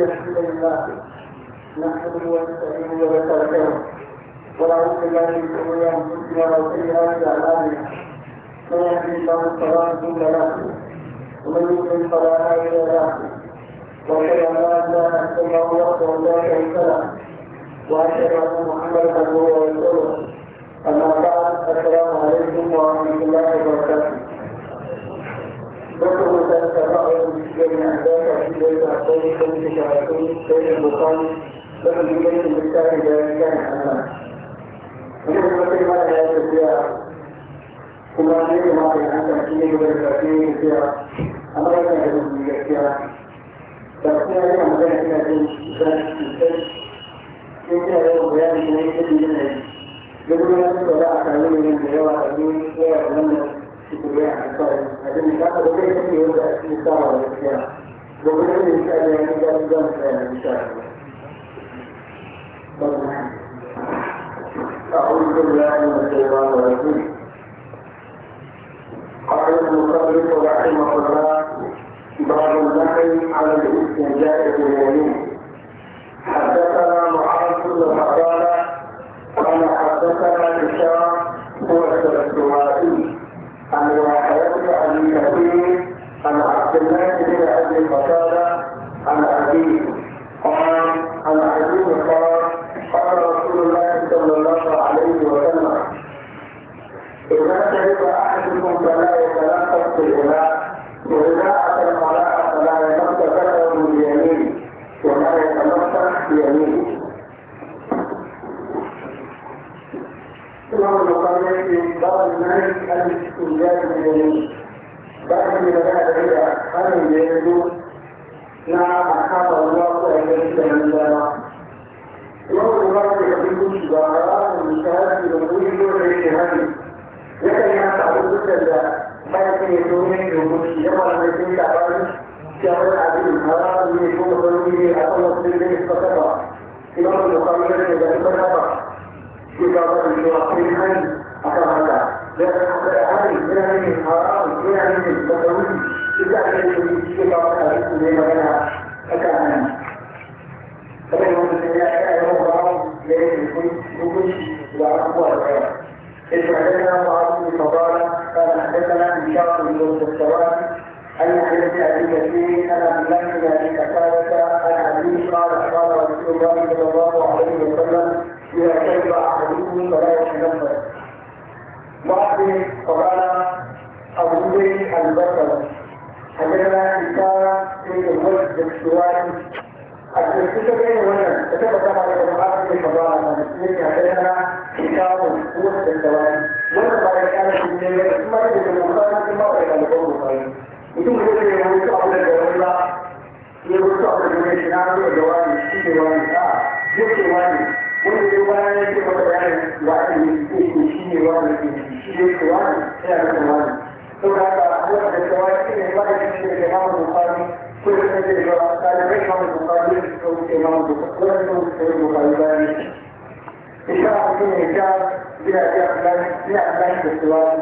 نحمده ونستعينه ونستغفره ونعوذ بالله من شرور أنفسنا وسيئات أعمالنا من يهده الله فلا مضل ومن يضلل فلا هادي له وأشهد أن الله وحده لا شريك وأشهد أن محمدا عبده ورسوله أما بعد السلام عليكم ورحمة الله وبركاته ذكر ذلك الرأي بين أهداف في بيت أحباب خمس شهرين بين البخاري لم يجد بالتالي ذلك أمام ومن كلمة لا يستطيع كما نريد ما أن تمكين بالتأكيد فيها أمر يجب بالتأكيد تأكيد أن مدينة الأجل كيف يجب بيان من يجب من يجب من يجب من يجب من يجب من يجب من يجب من يجب الكبرياء عن صالح هذين كانوا لديه في يوم في الصلاة والإسلام وبدون إن شاء الله يعني جاء بدون إن شاء أعوذ بالله من الشيطان الرجيم قال المصنف رحمه الله باب النهي على الاستنجاء باليمين حدثنا معاذ بن قال حدثنا هشام هو السوائي عن واحد بن ابي كثير عن عبد الله البصري حدثنا إشارة في الوجه الاكتواري الكتاب ايه في المضارة المسلمين حدثنا إشارة وسط الثواني وانا بعد كان في الدنيا ثم يجب أن في مصر كان يقول طيب يتم يقول يقول أبو الجوالة يقول أبو الجوالة نعم الجوالة في جوالة آه يبكي والي wanda ya bayan yake maka bayanin wa'adin da ثم هذا الشواهد من قبل الإمام البخاري كل سنة الإمام الإمام البخاري يكتب الإمام البخاري ولا يكتب البخاري إشارة في الإنكار بلا جهل بلا أمان بالسؤال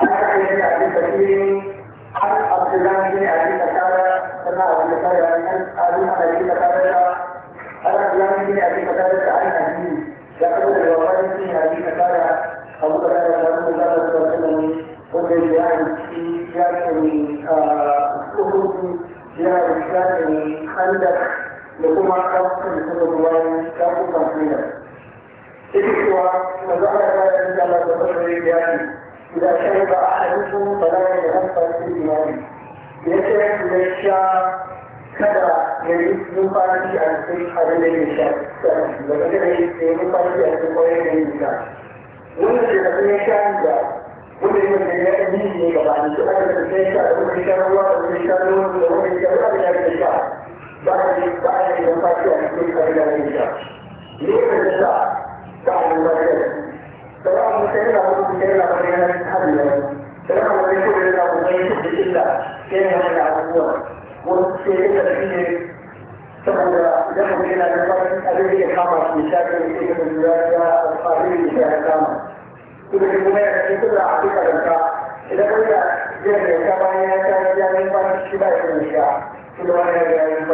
عن حكي بن أبي كثير عن عبد الله بن أبي قتادة سمع أبي قتادة عن أبي قتادة عن عبد الله بن أبي قتادة عن أبيه يقول الوفاة بن أبي قتادة أبو قتادة رسول الله صلى الله عليه وسلم وكان يعني جاكني أهود يعني جاكني خندق لكما أصل لكل الله كافو تنفيذا إذا وزعل ذلك على تبصر الجاني إذا شرب أحدكم فلا يتنفس في دماغه يشرب الأشياء كذا يجب يقال عن في حرم النساء لكن يجب يقال عن في حرم النساء ومن الذي كان ذلك wanda ya mace ya yi ne ga bani da aka da sai ka da wani kan ruwa da wani kan ruwa da wani kan ruwa da ya ka ba ne ba ne da fati a cikin kan da ya ka ne ka da sa ka da ba ne da ba mu sai da mu sai da ba ne na hadu ne da ba mu sai da da mu sai da illa sai da da abubuwa ko sai da shi ne saboda idan mutum yana da fatan abin da ya kama shi shafi da ya kama da ya kama Kemudian kemudian itu adalah arti kerja. Kita punya ba kampanye kerja yang paling kita Indonesia. Kita punya yang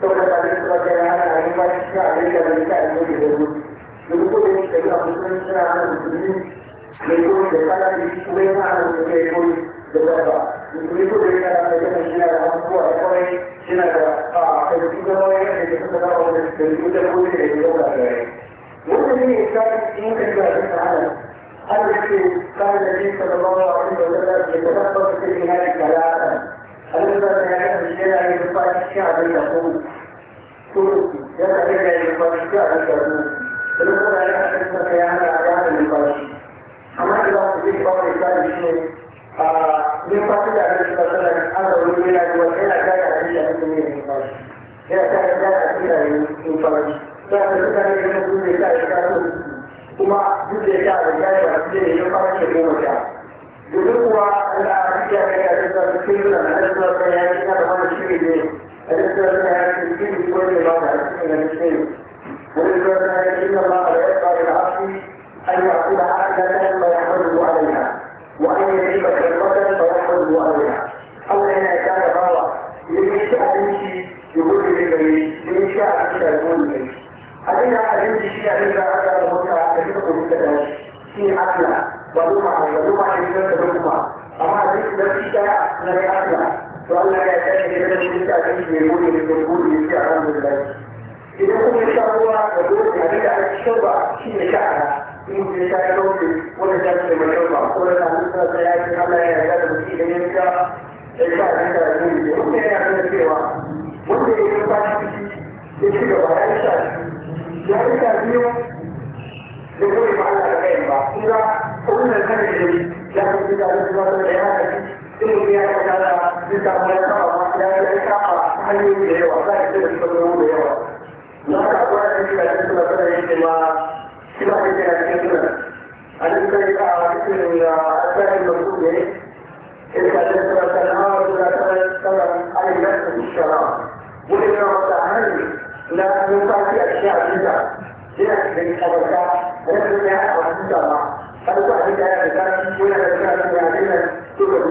saboda tarihi ba ta yana da yin bashi shi a rika da rika a yau da yau duk ko da yake yi a musulun suna hana musulmi mai koyi da kana da shi kuma yana hana musulmi mai koyi da dabba musulmi ko da yana da kai kan shina da abubuwa da kawai shina da a kai da kawai da ke suka zama wanda da yi da koyi da yi da kawai wanda ne ya sa in ka yi da shi hana هل في قال النبي صلى الله عليه وسلم يتنفس في هذه ثلاثا الأستاذ يعرف الشارع يقطع الشعب يقول كل جمع يدعي يقطع يقول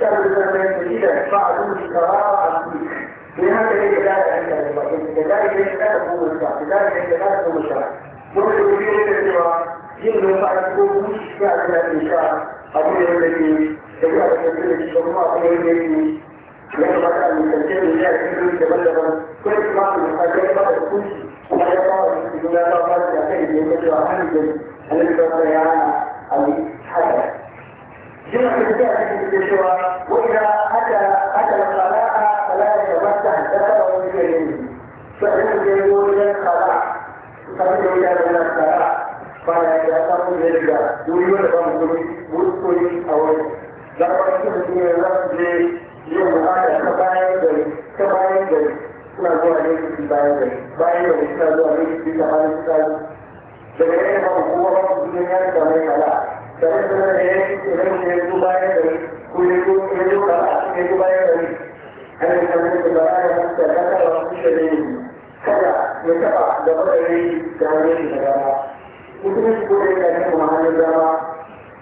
كان زمان جديدا بعض القرار لهذا الجلال عند الله لذلك الجلال هو الشرع لذلك الجلال هو الشرع ممكن يجيب الانتظار جنه بعد يكون مش بعد الانتشار قبول الذي تجاه الذي شرعه الذي يجب أن يسجل ذلك كل تبلغ كل ما يحتاج بعد كل ما يقع في دولة الله تعالى يجب أن يجب أن يجب أن يجب أن يجب جمع الزائد في الشوار وإذا أتى أتى الخلاء فلا يتمسح الذكر والجنين فإن يقول إلى الخلاء فإن إلى الخلاء فلا يتأثر بالرجال ويقول لهم مسكري أو لا يمكن أن يرد يوم هذا كبائر بري كبائر بري suna zuwa ne su bayan gari bayan gari suna zuwa ne su bi kamar misali daga yanayin ba kuma ba su duniya da mai kala فنزل إليه إليه يجوب يدري ويجوب يجوب يجوب يدري أن يسمى البراءة ثلاثة وخمسة دين كذا يتبع لقدره كهذه الجامعة مسلم كل ذلك مهان الجامعة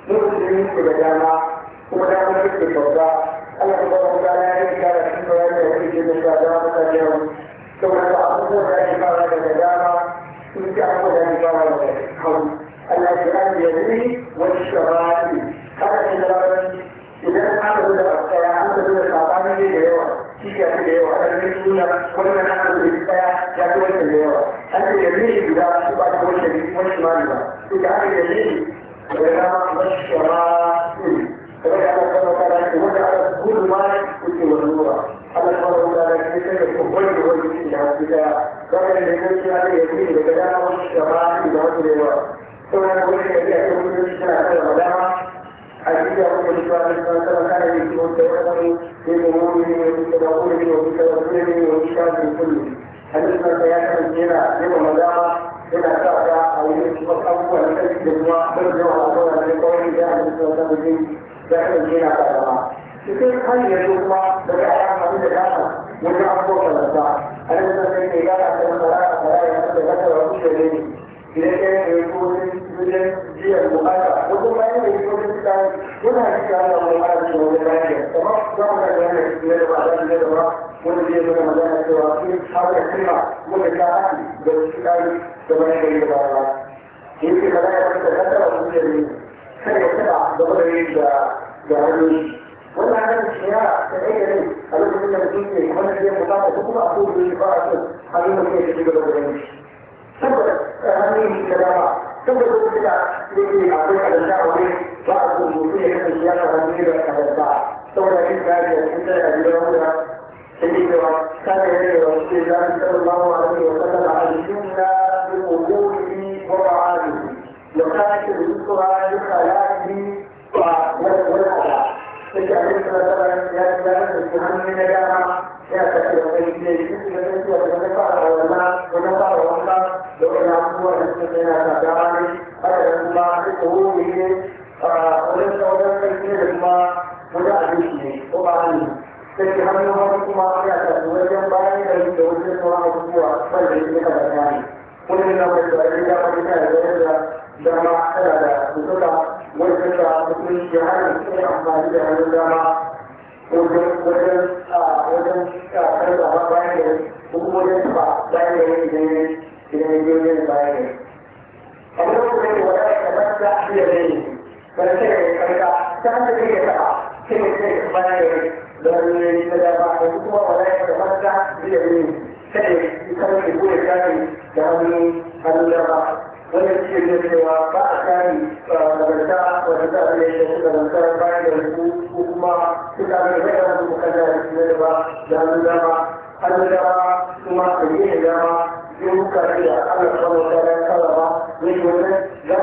مسلمين في الجامعة ومدام في الجامعة الله سبحانه وتعالى يجعل في الجامعة في الجامعة اليوم ثم نتعلم ذلك على الجامعة إن كان ذلك على الحمد الأشياء اليمين والشمالي هذا كلام إذا أنا بدأ أنا بدأ أعطاني ليه شيء كده وأنا بقول كل ما أنا بدي أقول كده أنا اليمين بدأ أشوف أقول كده والشمالي بقى إذا اليمين بدأ والشمالي فبدأ أنا كده وأنا كل ما كنت والنور Allah subhanahu wa ta'ala ke sai da kubbar da wani cikin da hasu da zaka da kai shi da yake da dama shi da ba shi da wani da yawa ثم وجد بأنه من الشافعي وغيره حديثه صلى الله عليه وسلم كان يكون تيقظني بمؤمنه وبتوكله وبتوكله وبشافعه كله حديث ما سيحصل بنا يوم القيامة بما شرع او يشرك اول شيء بالله برجع رسولا لقوله جاهد السلطان داخل الجنة كما يصير خير يطلع بالأعلام من الأعلام وجعل فوق الأسباب الذي إذا كان فلا فلا يمد ذكر وكل ليل daidai da ya kodin wajen biyan bukata wajen bayan da ya kodin tsari muna cikin ana bukata ce wajen lafiya kamar za mu daga yanayi fiye da ba a zafi da ba wanda zai zama magana cewa sun haka kima wanda ta haɗi da su tsari da bayan da ya ba ba yake kaza ya fita tattara su da ne sai ya taɓa gaba da yin da da hannu wannan hannun shi ya da ɗaya ne a lokacin da mutum ke kuma da ya bukata ko kuma a kodin shi ba a so a yi mutum ya shiga da wajen shi saboda hanyoyi da dama saboda a wani ba a a cikin a gidan wuta سيدنا كان رسول الله صلى الله Suka yi nasarar ya ci da su hannun na dama ya tafi da wani amfani da hannun dama wajen wajen a wajen karfafa bayan gari ko kuma wajen tafa bayan gari idan ya idan ya je wajen bayan gari. Abu da kuma yake wata ya kamar ta iya gani wani sai ya karka ta hanyar da ya tafa sai ya sai ya bayan gari don ya yi na dama da kuma wata ya kamar ta iya gani sai ya karka ko ya kare da hannun hannun dama. wannan shi ne cewa ba a sani nagarta wata ta da ya shi nagarta bayan da su ko kuma su da mai da su da ba da hannun dama hannun dama kuma ka yi ne dama yin muka da Allah subhanahu wa ta'ala kala ba ne da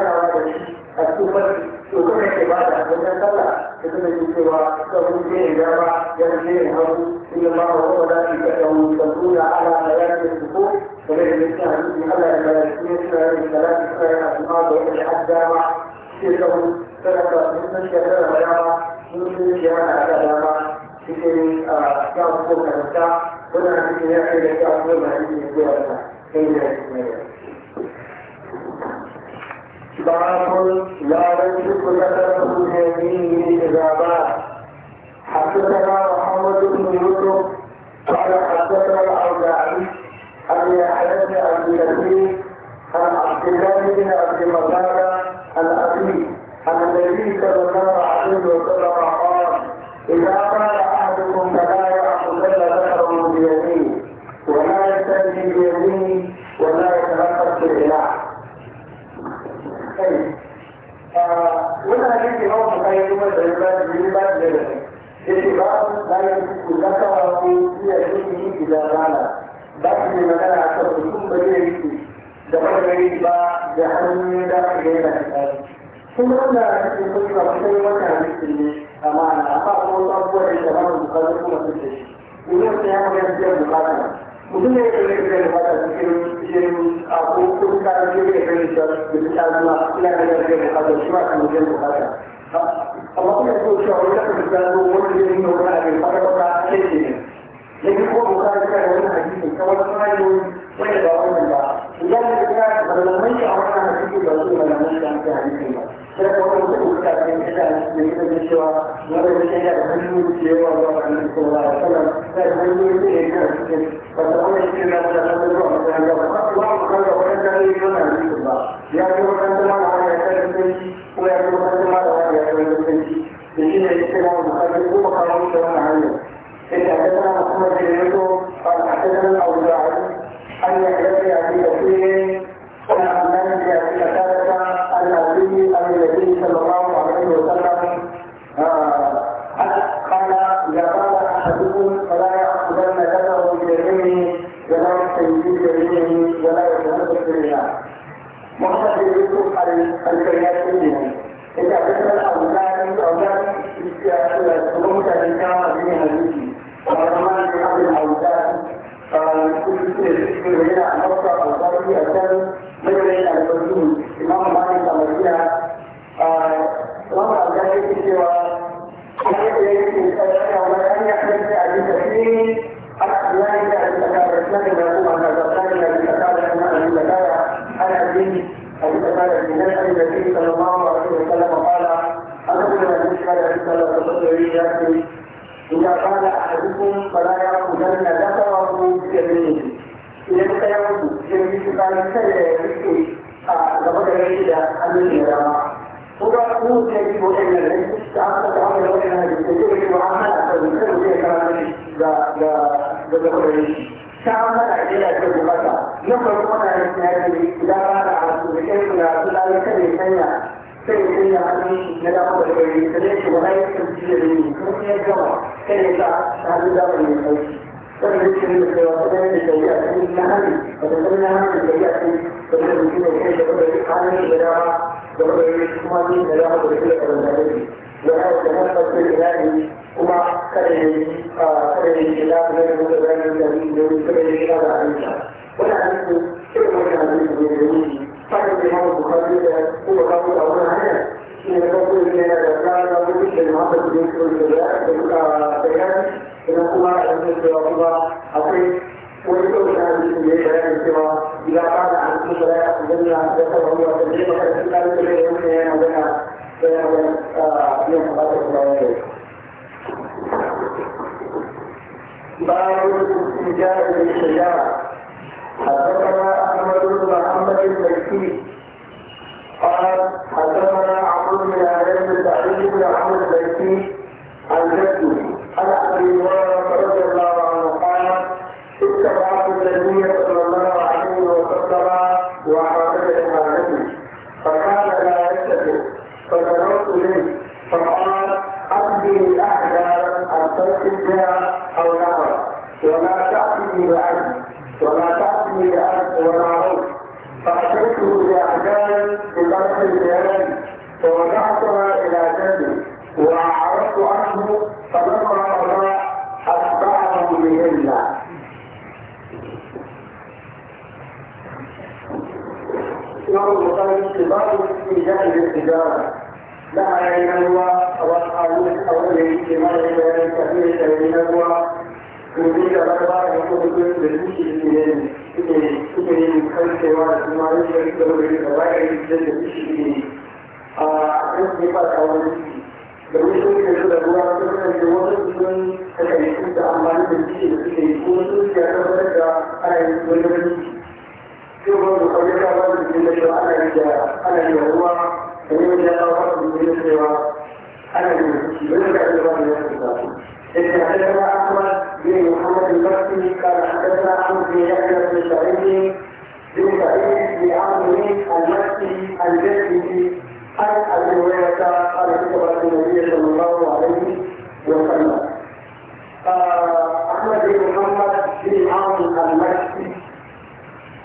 shi a cikin to kuma yake ba da wajen sallah da suna yi cewa suka mun je ne dama ya je ne hagu shi ne ma wa kuma ka ala da ya ce su ko kuma da yake a duk ala da ah, ya ce suna yin salati da wani haddama shi ka mun sadaka mun san shekara da dama mun san shekara da dama cikin kyawun ko karanta wannan cikin ya kai da kyawun ko mai yi ne zuwa ta kai da ya ce باب لا يجب ذكره جميع الاجابات حدثنا محمد بن يوسف قال حدثنا الاوزاعي عن يحيى بن ابي يزيد fata mutum ne ya kalli da da fata cikin cikin a ko ko ke da ta zuwa ina shi ma kan amma kuma ko shi wani da da ne da ce ne لكن هو مقال كان هو حديث كما تقول ولا بعون الله لذلك كان لما يجي أمرنا نسيب الرسول ولا نسيب عن حديث الله فلا هو مقال كان كذا من كذا من شوا ولا من كذا من شوا ولا من صلى الله عليه وسلم لا من كذا فتقول إن الله تعالى الله تعالى الله تعالى وأنت لا يكون حديث الله يأتي وأنت ما لا يكون ويأتي وأنت ما لا يكون لكن الإسلام مخالف ومخالف شرعا عليه esta es a para la idea منها الذي ياتي بالحكم من الحج الربعي هذه البلاغه الربعي ثم من بلاغه الربعي والمدني ولا يتنفذ بالإله هما كلمه كلمه الإله غير متبين الذي من كلمه الإله عن ولا أعرف كيف وجه الحديث من الجميل قال الإمام البخاري هو قول أولا هنا إن تقول إن الأسلام يقول بالمحبة بيت الجلال بيان إن هو أن يقول أقول ويقول هذه الجملة الكبرى إذا قال عن لا يأخذن ذكره وتدريب فإن لا يدري يمكن أن يأخذها فيأخذ يوم قدر الله باب الاستنجاء بالشجاعة حدثنا أحمد بن محمد المكي قال حدثنا عمرو بن علي بن سعيد بن عمرو المكي عن جده عن أبي هريرة رضي الله مصطفى سنة النبي صلى الله عليه وسلم وحرمه يوم مثلا اتباع في جانب التجارة لها يعني هو والقانون أو الاجتماع بين كثير من هو يريد الأربعة يكون كل بالمشي من من خلف والمعروف يكون بالكبائر جد بالمشي رزق فرق domin sun ke da ruwa sun kan yi wasu sun kashe su da amfani da shi da suke yi kuma sun ke tabbatar da ana yin wani يقول أحمد بن محمد البكري قال حدثنا أحمد بن يحيى بن سعيد بن سعيد بن عمرو المكي الجسدي عن أبي النبي صلى الله عليه وسلم أحمد بن محمد بن عمرو المكي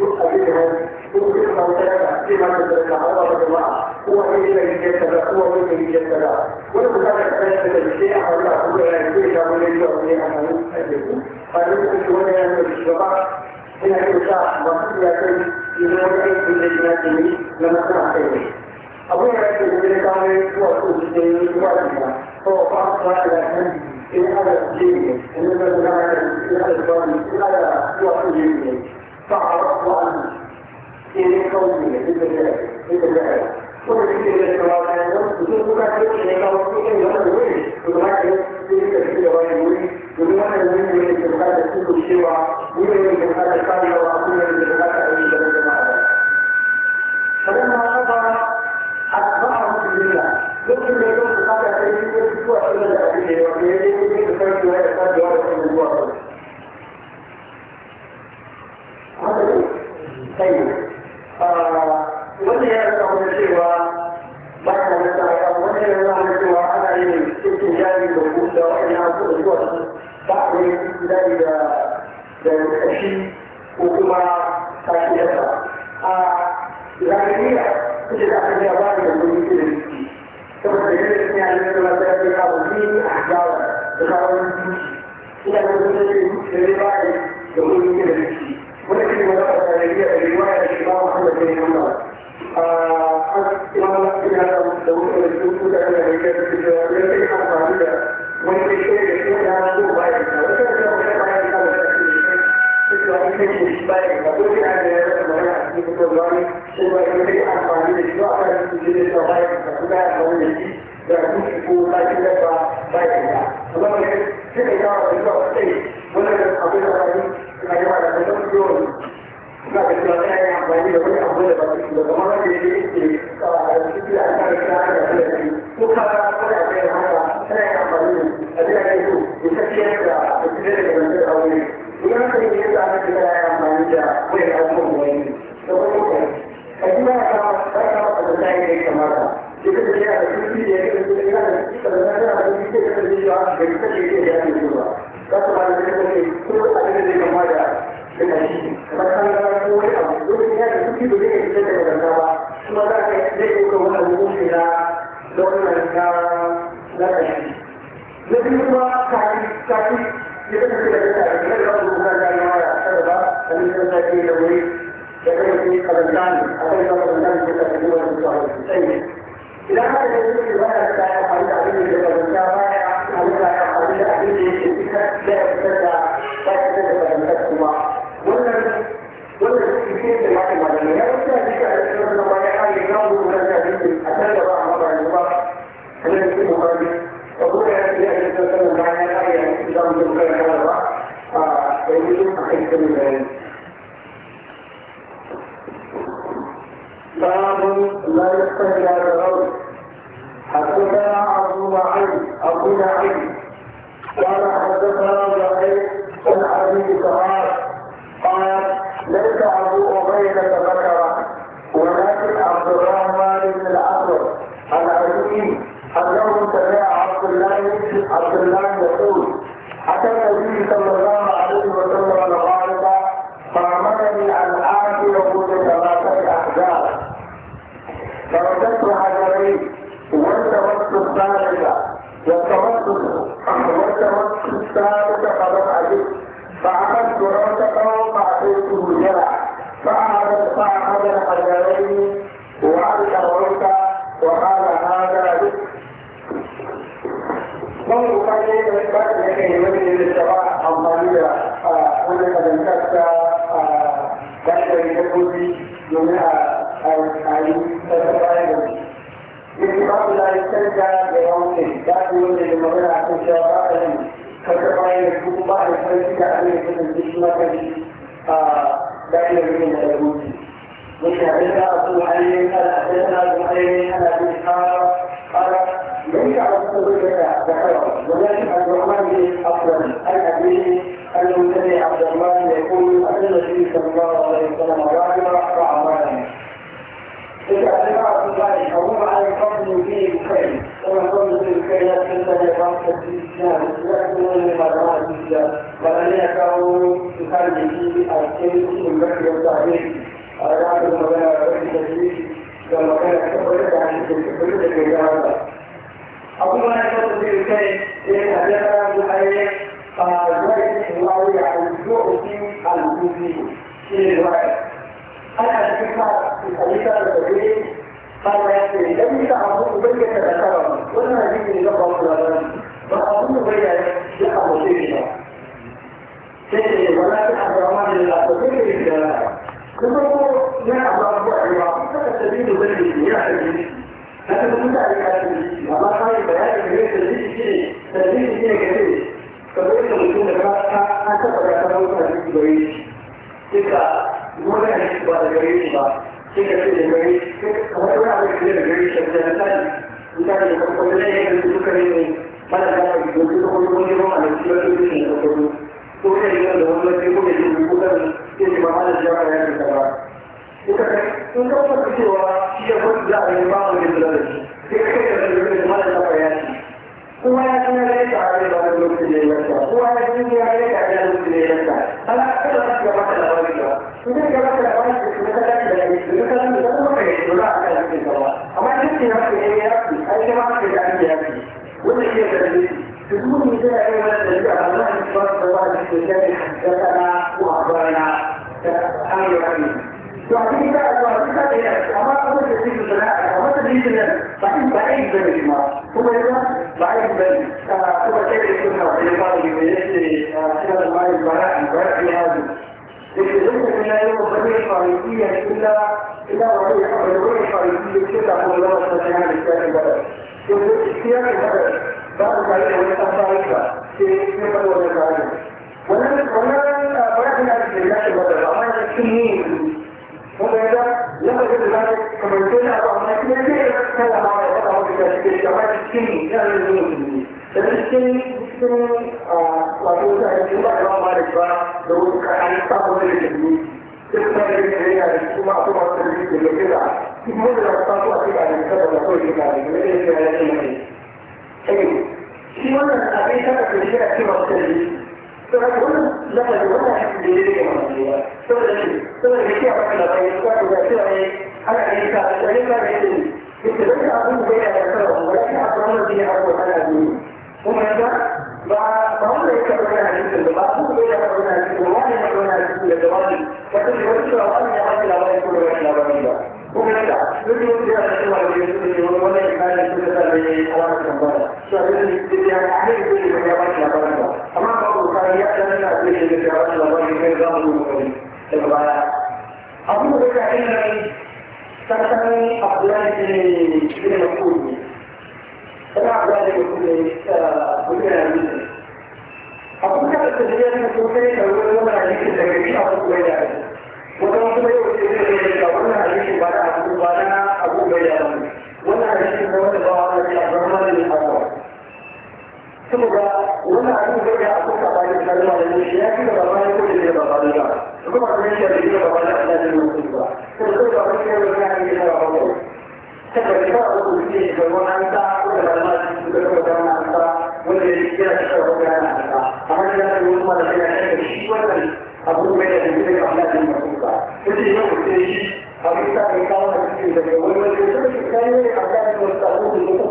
يبقى منها ممكن موتانا في مدى العرب هو الذي جسد هو من الذي جسد ولو كان الثالث الشيء ولا هو يجيش ولا يجيش أنه يجيش فلنقل ولا يجيش هنا تشاع وصية لنوعي في لجنته لما سمعته أبوه يجب أن يكون وصول الدين واجبا هو فقط على الهند في هذا الدين إنما هناك في هذا الدين في هذا وصول الدين فعرفت أن إلى كوني بالله بالله ولكن إذا كان يوم ما كنت إلى كوني أنا وين وما كنت إلى كوني وين وما كنت إلى كوني هذا كل شيء وين هذا كان وأقول إلى هذا أي شيء فلما قضى أتبعه بالله لكن يوم قضى في الأسبوع إلى وفي يده كنت الثالث فلم أجد فأخذت راسه فأتيته جرعا فأخذ فأخذ الحجرين وألقى الركع وقال هذا بك منذ قليل من بعد يمني للشباب الضمير هناك من كتب كتب يكتب من التفاعل يجب أن لا يسترجع ليوم لا يوجد المغنى عن الشباب الآية يحكم بعد الفلسفة أن يكون باسمك داخل من الوجود وشهدنا أبو علي قال حدثنا أبو علي عن أبي إسحاق قال ليس عبد الله ذكره ولكن عبد الرحمن بن أفضل عن أبيه أنه سمع عبد الرحمن يقول أن النبي صلى الله عليه وسلم رحمه الله إذا أتبع الله فهو على الفضل فيه الخير ومن فضل فيه الخير يسلم يقام تسليم الله jama'a jiya bana ne ya kawo su kan jiki a cikin cikin gaskiyar mutane a ranar magana da rashin da shi da magana ta kwaya da shi da kuma da ke gaba abu ma ya kawo su kai ya yi hajjara da ayyar a zai wari a zuwa al-kufi shi ne wari ana cikin ka su kalita da gare قال يا اخي لم يتعرضوا بين تذكرهم ولا يجب ان يقرأوا yana da ba su tare da wani tsamfari ba sai ne ba da wani tsamfari wannan wannan bayan da ake da yake ba da amma yana cikin yi wanda ya ya ba da zai kamar sai na ba amma kuma sai ya kai da ma ya ba wanda ya shi da ma cikin yi yana da yi da cikin cikin wato da ya ba da ma da ba da wani kan ta ba da yi kuma da yake yana da kuma akwai masu da yake da yake da kuma da ta ko a cikin da ta da ko da yake da yake shi wannan abin da ka shi a cikin wata ne saboda wannan lafazin wannan shi ne yake magana saboda shi saboda shi a wannan lafazin ko da cewa ne ana yin ka da ne ka da ne yake da abin da ya da sarwa wala ka abin da ya hawo ana ne kuma yanda ba ba wanda yake da wannan hadisin da ba su da ya da wannan hadisin wani ne da wannan hadisin da ba ne wata ne wata ne wannan ya hawo labarin ko da wannan labarin ba وبالله بدون زيادة ولا بدون ولا إكمال كل ذلك قواعد الله شهدنا الابتداء عليه كل مجالات الله أما قبل كان يأتمنى كل مجالات الله من غير المقيم الغاية أبو بكر إنني تحتمل أقلال من المقول فلا أقلال من المقول أبو بكر التجريب المقول كيف يقول لهم أن يكون لك في أبو بكر kuma kuma yau ce zai zai da wannan hadisi ba na abu ba na abu bai da wani wannan hadisi na wanda ba wani da abrahman ne kuma saboda wannan abin zai da abu ka bayan kalma da ne ya fi da ba ma ya da ba ba da ba kuma kuma ya fi da ba ba da Allah ne mutum ba sai ko da wani ya ga ne da ba ba da ka ba ku ce da an ta ko da ba ma da ka da wannan ta wanda ya ci da shi ko da ta amma da wani ma da ya ce shi wannan abu mai da ne da Allah ayyuka kuma idan mutum ya yi abin da ya kawo na cikin daga wani wani ya zama shi kayi ne a kan da wasu abubuwan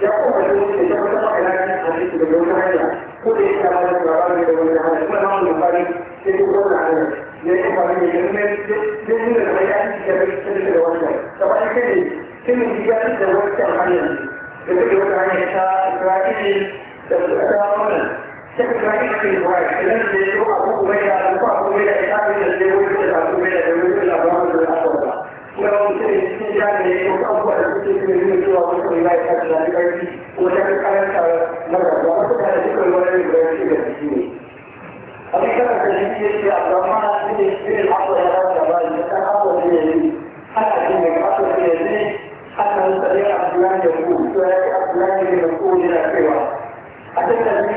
da kuka wani wani ya kuma da wani ya zama sama ina ne a cikin daga wani hanya ko da ya kama da turabani da wani hanya kuma na wani fari sai ku zauna a nan ya yi fari ne ya nuna ya nuna da ya yi da ya yi da wani da ba ya kai ne sai mu ji gani da wani hanya da kuka wani hanya ta turabani da su ta wani تكفيك الواحد الذي يقوم بها يقوم بها يقوم بها يقوم بها يقوم بها يقوم بها يقوم بها يقوم بها ولو كان يتطور في المجال وصول الى هذا وذلك كان مرة وقت هذا الشيء ولا يمكن ان يكون أبيكرة الجنسية في أبرمان في الشيء الأفضل يا رب العالمين كان أفضل في يدي حتى في أفضل في يدي حتى نستطيع أبلان يقول سواء أبلان يقول إلى سوى أتيت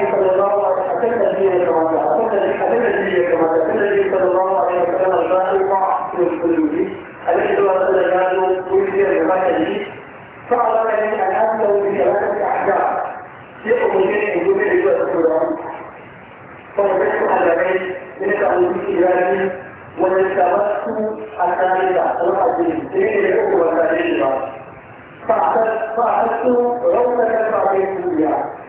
أكد الدين كما أكد الحديث الدين كما أكد الله عليه وسلم الفاتحة في الحدود التي تواصل الجهاد ويجري بمكانه فعلى أن أنزلوا بثلاثة أحكام شيء من وجود الإجابة القرآن فوجدت على بيت من التعليم الإيراني ونسبت الثالثة صلاح الدين إلى الأخوة الثالثة فأعتدت روضة الفاتحة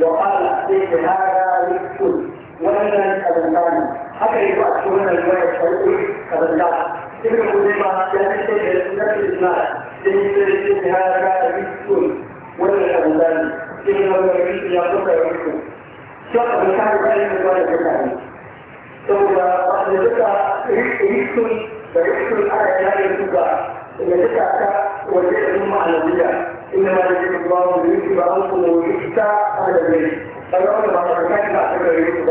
وقال أتيت هذا للكل وأنا الأبنان حتى يبقى شهرنا الرواية الشرعي كبدال تلك الوظيفة لا تشتغل نفس الإسلام تلك هذا للكل وأنا الأبنان تلك الوظيفة يا قصة يومكم شاء بكار ذلك الرواية الشرعي ثم أخذ ذكر ريكتون فريكتون على ذلك الكبار إن تكاكا وجئت معنوية إنما يجب الله ليكتب عنكم ويكتب أهل البيت فيقول ما تركت ما تكرهت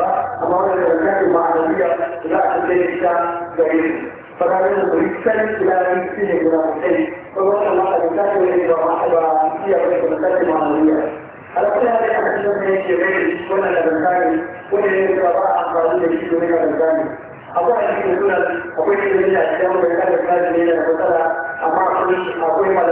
أما أن تركت المعنوية لا تجد دليل فقال له يكتب إلى نفسه من الحسين فقال الله تركت إلى واحد وعامسية وتركت المعنوية على كل هذه الأشياء من الجميل ولا الأبنكاني ولا يتبع أخرى من الأبنكاني أقول لك أن يكون أقول لك أن الأشياء من الأبنكاني معصي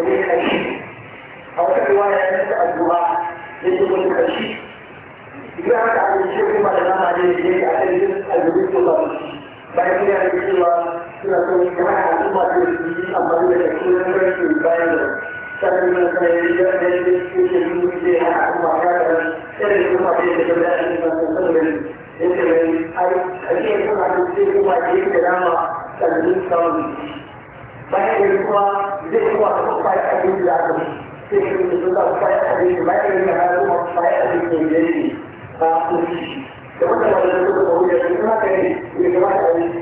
عظيمة أو في رواية نفس الدعاء يجب التشيك إذا أنت على الشيخ ما لنا عليه شيء على الجزء الله بعدين على الجزء الله سنقول كما على ما تريد أما إذا تكون في البيان كان من الخيرية من يجب فيها أما كان يجب ما فيه لجميع المسلمين يجب أي أكيد كما تريد ما يجب كلامه تلميذ صلى الله عليه وسلم بعدين هو ذكر وقت الحديث العظيم seja usando a oferta dele mais remunerada, uma oferta de dele para o sushi. Eu vou trabalhando todo o mundo aqui, não tem, ele vai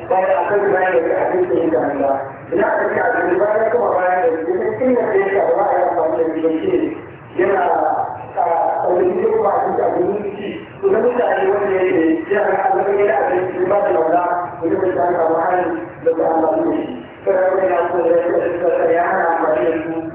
para a coisa mais a gente tem que andar. Na verdade, ele vai para uma vaga, ele tem a deixa lá, é a família de gente, e na organização com a gente, a gente, usando o carinho dele, já na primeira vez, ele vai mandar, ele vai estar trabalhando, ele vai mandar o sushi. Pero, eu vou pegar o projeto, eu vou trabalhar na maneira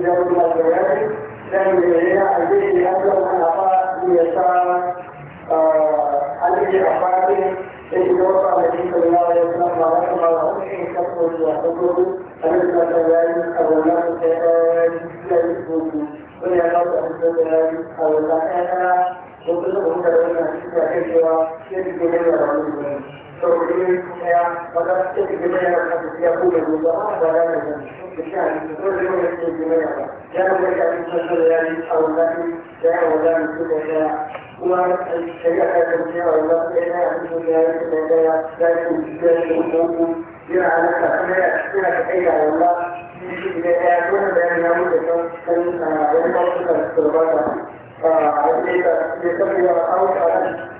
ذلك البيان لم يبين الذي أنزل عن عطاء بن يسار عن ابن عباس إذ يوصى النبي صلى الله عليه وسلم على قال إن تكفر يحفظه فمثل كذلك أو الناس كذلك ويا قوم أهل الكلام أو الأحياء وكلهم كلام كثيرا يجب أن يكون سعوديتها ولا تجد بمنها يقول الوزراء ولا يلزم بشأن تدرج من الجميع كانوا يجعلون الجلال أو الذي جاء ولا من كل شيء والشريعة الجميع الله إلى أن تجاهد إلى لكن تجاهد الحقوق جرى على أن يحسنك إلى الله إذا كان بأن يموت فإن يموت السلطات فعليك بتقوى أو أن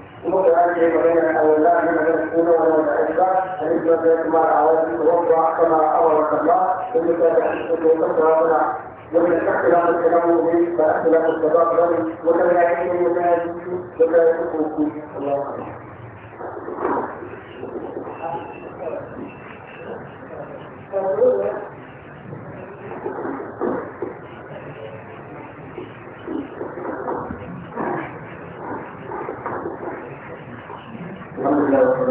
الموضع كما أمرك الله إنك تحسن وتكرمنا ومن اختلاف الكلام به فاختلاف الشباب له وكما يعيش وكما يعيش وكما يترك الله الحمد لله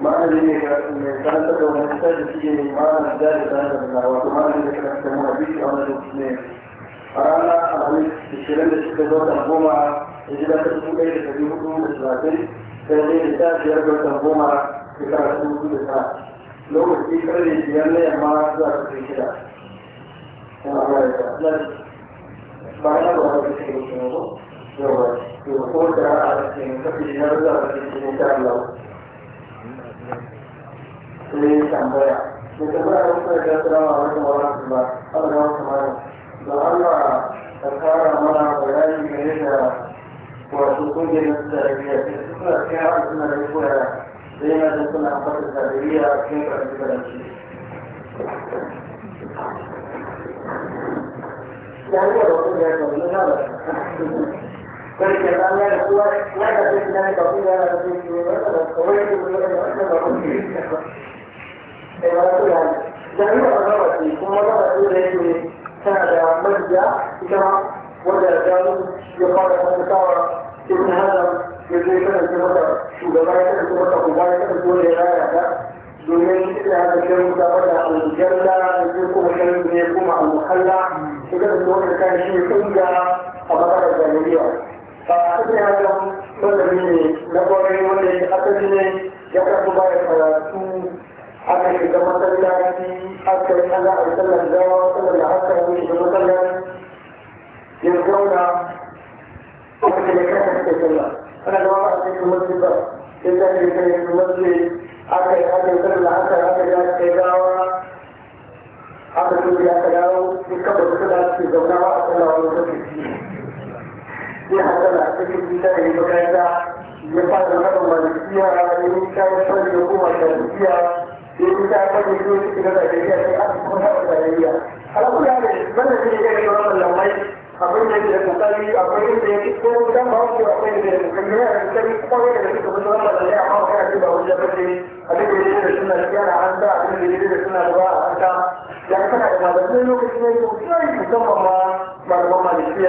ما مآل من ثلاثة ومحتاج فيه من معنى الذات هذا الله وكمان اللي تكلمون به أو الاثنين أرانا العميد الشيلان لشكتزوت الهومة إذا تكتبوا ليلة فبيهدوا لسلاتين فإذا الإنسان يرجع الهومة بكرة سوء لسلات لو الفكرة الإنسانية ما أصدر في كده كما قال الله بعنا بغض الشيء يوم يوم يوم يوم يوم يوم يوم يوم يوم يوم يوم يوم يوم sai ya tambaya da tambaya da suka ga salamu alaikum wa rahmatullah Allah ya wata mana da Allah ta kara mana bayani game da wato kungiyar na tarbiyya sai suna cikin haɗa suna da koya sai yana da suna fata tarbiyya a cikin karfi karanci. Jami'ar da kuma ya kamar yana da perché parla la tua guarda se ti dai capire la tua guarda la tua guarda la tua guarda la tua da ya rasu jami'a mazaba ce kuma mazaba ce da yake tana da majiya ita ma wanda ya fara kasantawa ibn hazam ya zo ya kasance mata shugaba ya kasance mata kuma ya kasance wanda ya raya ta domin ita haka shirin mutu mata aljalla da zai kuma shirin ne kuma almuhalla ya kasance wanda ta shi kunga a matsalar jami'a ba a ya hazam wanda ne na kwarai wanda ya asali ne ya ba bayan karatu aka shiga masallaci aka yi ana a sallar gawa sallar da aka yi shiga masallaci ya zauna aka shiga kan da sallar ana zama a cikin masjid ba sai ta shiga kan yin masjid aka yi aka yi sallar da aka yi aka yi aka yi gawa aka shiga ya aka dawo sai kaba da sallar ke zaunawa a sallar wani lokaci sai hasala ta shiga ta yi makaranta ya fara mara malikiya ya yi kayan sallar da kuma shafiya yanzu ta kwanye zuwa cikin da zai yi a cikin kuma ta wata yayya alamun ya ne zan yi ko dan ba wani ya fi kan a cikin kwanye da an da abin da yake da suna da ba a hanta ya kana da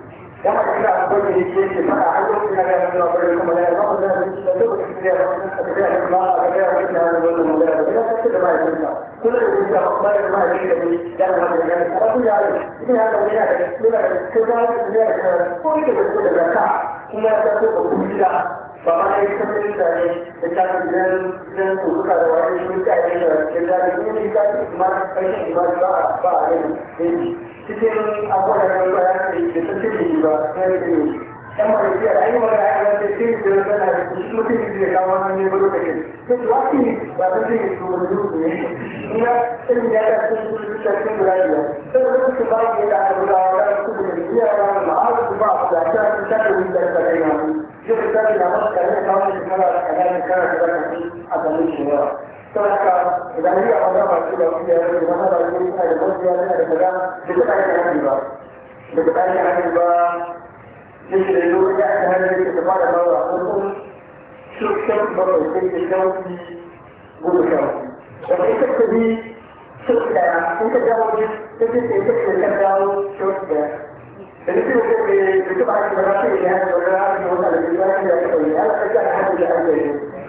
yana da kira da kwanci ke ce maka an zo kuma da yawa da kuma da yawa da kuma da yawa da kuma da yawa da kuma da yawa da kuma da yawa da kuma da yawa da kuma da yawa da kuma da kuma da kuma da yawa da kuma da yawa da kuma da yawa da kuma da yawa da kuma da yawa da kuma da yawa da kuma da yawa kuma da yawa da kuma da yawa da kuma da yawa ke a ba a yin cikin abubuwan da ya yi da ta cikin ba na yi biyu yan kwanaki a yi wani ayyukan da ke yi da tana da shi mutum da ya kawo wani ne gudu da ke ta ce wani ba ta ce su wani duk ne ina irin ya ta ce su su ta cikin guda biyar sai da su ba ya da aka guda wata su da biya ba ma'azu su ba a da ta su ta da wani da ta kai ma zai ta ce na masu kare da kawo shi kara da kare da kare da kare a ganin shi yawa saboda idan ya wani baki da wani yare da wani baki yana da wani yare da kaza da kuɗa ya kan ba da kuɗa ya kan ba ne shi da yau ya kan hannu da ta fara bawa a kuma shi kan ba mai sai da shawarci gudu shawarci da kai ka tabi shawarci da in ka dawo ne ta ce ta yi ta ce kan dawo shawarci da da nufin da ke da ta ba shi da ba shi da ya hannu da wani hannu da wani hannu da ya kan hannu da ya kan hannu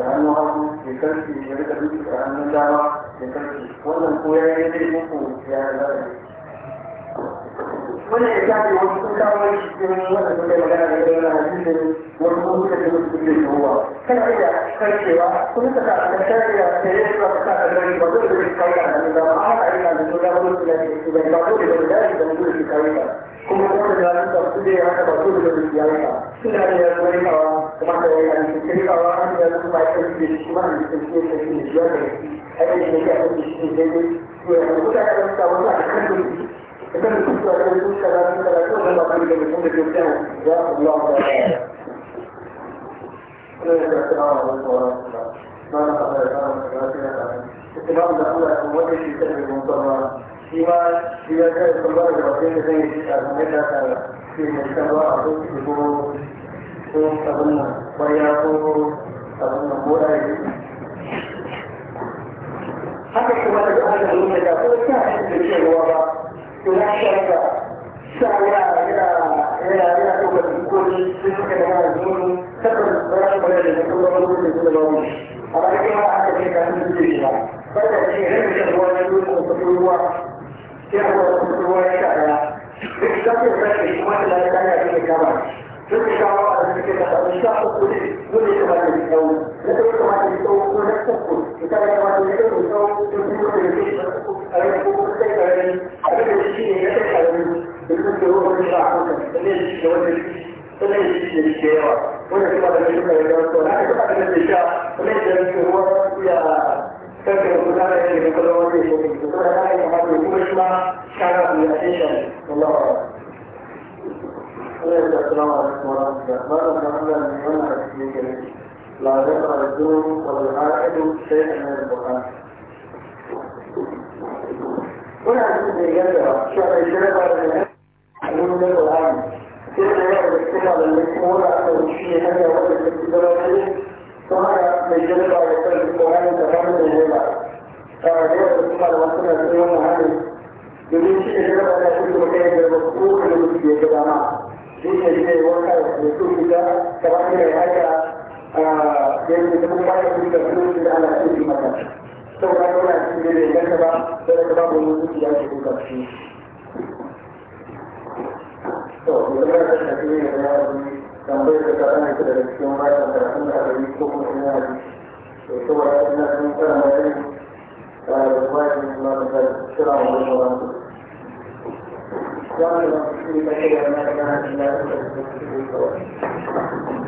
saranno e quelli che avete visto saranno già e quelli che quando pure avete visto saranno wannan ya shafi wasu sun kawo wani cikin wanda suka yi magana da yana da cikin wasu sun suka ce wasu suke ruwa kana iya karkewa kun suka ka tare da tare da ka ka da ba dole da kai ka da ba ma ka ina da dole ba dole da su da ba dole da da da dole da kai ka kuma ko da da su da su da ba dole da su da kai ka suna da yawa kuma da ya yi kirkawa an da su ba ta ce shi ma da su ke ta shi da ai da shi ya ta shi ne dai to ya ku ta ka ta wani a kan dole idan ku ta da su ka da su da su da ba da mutum da ke ta ya Allah ta الإمام الأول هو الذي يسلم المنظمة فيما إذا كان الصلاة الرسول زي المدة في المجتمع أو في ko abin nan kwarya ko abin nan ko haka kuma daga hannun nuna da ko ta da ke ba to ya shaka sa yana yana yana yana ɗaukar jikoni sun suka da ba jini tabbas ba za su bayar da kuma wani ba da a ba da kuma aka ce ka sun zuke shi ba ba da shi rin da ba ya zo da kuma ruwa sai a ruwa ruwa ya sha ɗaya duk zafin ba kuma da lafiya ya fi da ba. الشعر اللي كده الشعر كله كل ما يسوي لكن ما يسوي كل نفسه كده ما يسوي يسوي كل كل شيء أنا بقول كده أنا أنا الشيء اللي كده اللي هو الشعر اللي هو اللي هو الشعر وانا كده بقول كده أنا كده بقول الشعر اللي هو يا فكر كده اللي كده هو كده أنا ما بقولش ما السلام عليكم ورحمة الله وبركاته. أنا من هنا الكريم لا يقرأ الدين والعائد شيئا من القرآن. هنا عندي إجابة شرع الشرع من القرآن. في الرواية الاجتماع المسؤول عن الشيء هذا وقت الدراسي ثم الإجابة على القرآن تفهم الإجابة. فالرواية الاجتماع المسؤول عن اليوم هذا يمكن إجابة على كل مكان بالمسؤول من الجماعة. shi ne zai wata mai su shiga kamar da ya haka yanzu da kuma ya fi da su da ana su yi mata sau ka yana shi ne da ya ba sai da babu wani ya shi kuka shi to yanzu da ta shafi ne da ya yi tambayar da ta ana ta daga cikin wata karatun da aka yi ko kuma ina yi to saboda ina sun kara mai da kuma ya yi kuma da ta shira wa wani wani وأنا أشكرك كثيرا ما كان إلا أنت